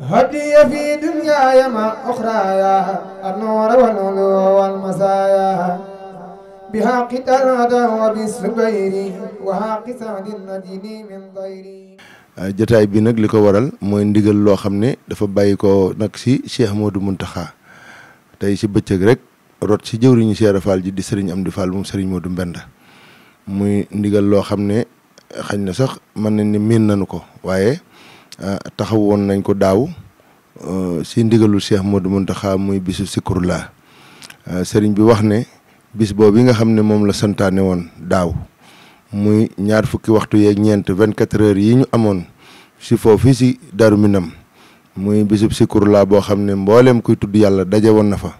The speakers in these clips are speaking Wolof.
jataay في bi nag li ko waral mooy ndigal loo xam ne dafa bàyyi ko nag si Cheikh Modou Mountakha tey si bëccëg rek rot ci jëwriñu Cheikh Fall ji di Serigne Amdi Fall moom Serigne Modou Mbenda muy ndigal loo xam ne xañ na sax mën nañ ni miin nañu ko waaye Ah, taxaw woon nañ ko daaw euh, si ndigalul Cheikh Modou Mountakha muy bisu Zikrullah ah, sëriñ bi wax ne bis boobu nga xam ne moom la santaane woon daaw muy ñaar fukki waxtu yee ñeent vingt quatre heures yi ñu amoon si foofu si daru Minam muy bisub Zikrullah boo xam ne mbooleem kuy tudd yàlla daje woon na fa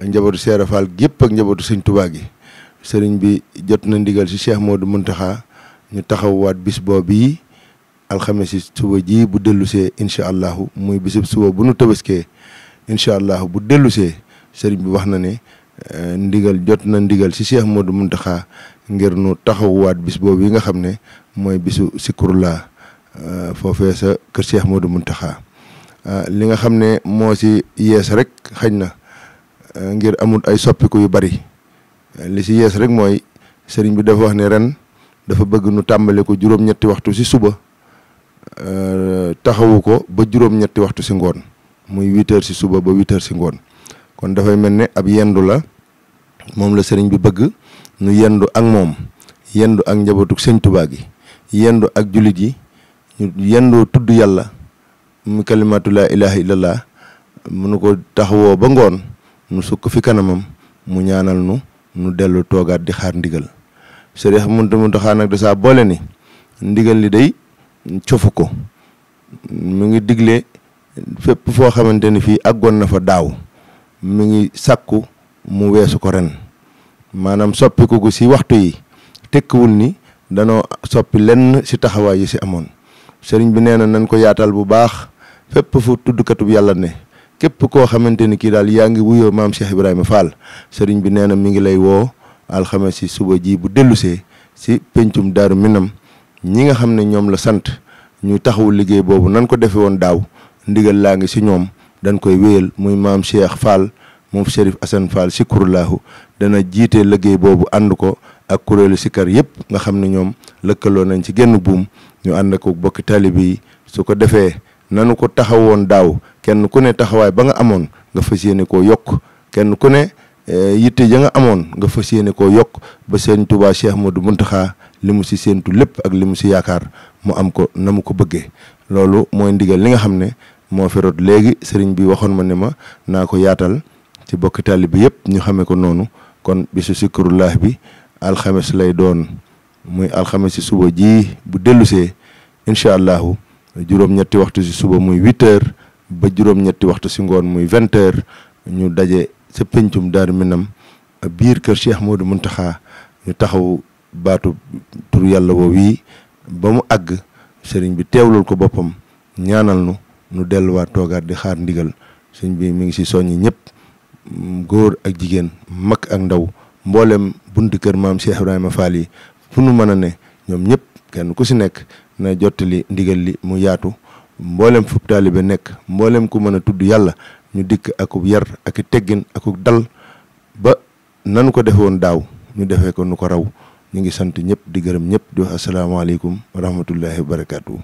njabootu Cheikh Fall gépp ak njabootu Sëñ Tuubaa gi sëriñ bi jot na ndigal si Cheikh Modou Mountakha ñu taxaw waat bis boobu yi alxames yi suba ji bu dellusee incha allahu muy bisib suba bu nu tabaskee incha allahu bu dellusee sëriñ bi wax na ne eh, ndigal jot na ndigal si Cheikh Modou Mountakha ngir nu waat bis boobu yi nga xam ne mooy bisu Zikrullah eh, foofee sa kër Cheikh Modou Mountakha eh, li nga xam ne moo si yees rek xëj na ngir amut ay soppiku yu bari li si yees rek mooy sëriñ bi dafa wax ne ren dafa bëgg nu tàmbale ko juróom-ñetti waxtu si suba. Euh, taxawu ko ba juróom-ñetti waxtu si ngoon muy huit heures si suba ba huit heures ngoon kon dafay mel ni ab yendu la moom la sëriñ bi bëgg nu yendu ak moom yendu ak njabootuk sëñ Tuubaa gi yendu ak jullit yi ñu yendoo tudd yàlla mu kalimatu laa ilaha illallah ko taxawoo ba ngoon nu sukk fi kanamam mu ñaanal nu nu dellu toogaat di xaar ndigal sëriñ Muntaxa nag da saa boole ni ndigal li day cofu ko mu ngi digle fépp foo xamante ni fii àggoon na fa daaw mu ngi sàkku mu weesu ko ren maanaam soppiku gu si waxtu yi tekkiwul ni danoo soppi lenn si taxawaay yi si amoon sëriñ bi nee na nañ ko yaatal bu baax fépp fu tuddkatub yàlla ne képp koo xamante ni kii daal yaa ngi wuyoo maam Cheikh Ibrahima Fall sëriñ bi nee na mi ngi lay woo alxames si suba ji bu dellusee si pencum daaru minam ñi nga xam ne ñoom la sant ñu taxawu liggéey boobu nan ko defe woon daaw ndigal laa ngi si ñoom dañ koy wéyal muy maam Cheikh Fall moom Chérif Assane Fall sikurulaahu dana jiite liggéey boobu ànd ko ak kuréelu sikar yëpp nga xam ne ñoom lëkkaloo nañ ci genn buum ñu ànd ko bokki taalibe yi su ko defee nanu ko taxaw woon daaw kenn ku ne taxawaay ba nga amoon nga fas yéene koo yokk kenn ku ne eh, yitte ja nga amoon nga fas yéene koo yokk ba sëñ Tuubaa Cheikh Modou Muntaxa li mu si séentu lépp ak li mu si yaakaar mu am ko na mu ko bëggee loolu mooy ndigal li nga xam ne moo fi léegi sëriñ bi waxoon ma ne ma naa ko yaatal ci bokki taali bi yëpp ñu xamee ko noonu kon bisu sikkurullah bi alxames lay doon muy alxames ci suba ji bu dellusee incha allahu juróom-ñetti waxtu ci suba muy huit ba juróom-ñetti waxtu ci ngoon muy vingt ñu daje sa pencum Daaru Minam biir kër Cheikh Modou Mountakha ñu taxaw baatu tur yàlla woo wii ba mu àgg sëriñ bi teewlul ko boppam ñaanal nu nu delluwaat toogaat di xaar ndigal sëriñ bii mu ngi si soññi ñëpp góor ak jigéen mag ak ndaw mboolem bunt kër maam Cheikh Ibrahima Fall yi fu nu mën a ne ñoom ñëpp kenn ku si nekk na jottali ndigal li mu yaatu mboolem fu taalibe nekk mbooleem ku mën a tudd yàlla ñu dikk akub yar ak teggin akub dal ba nanu ko defe woon daaw ñu defee ko nu ko raw ñu ngi sant ñëpp di gërëm ñëpp di wax asalaamaaleykum wa rahmatullahi wa barakaatu.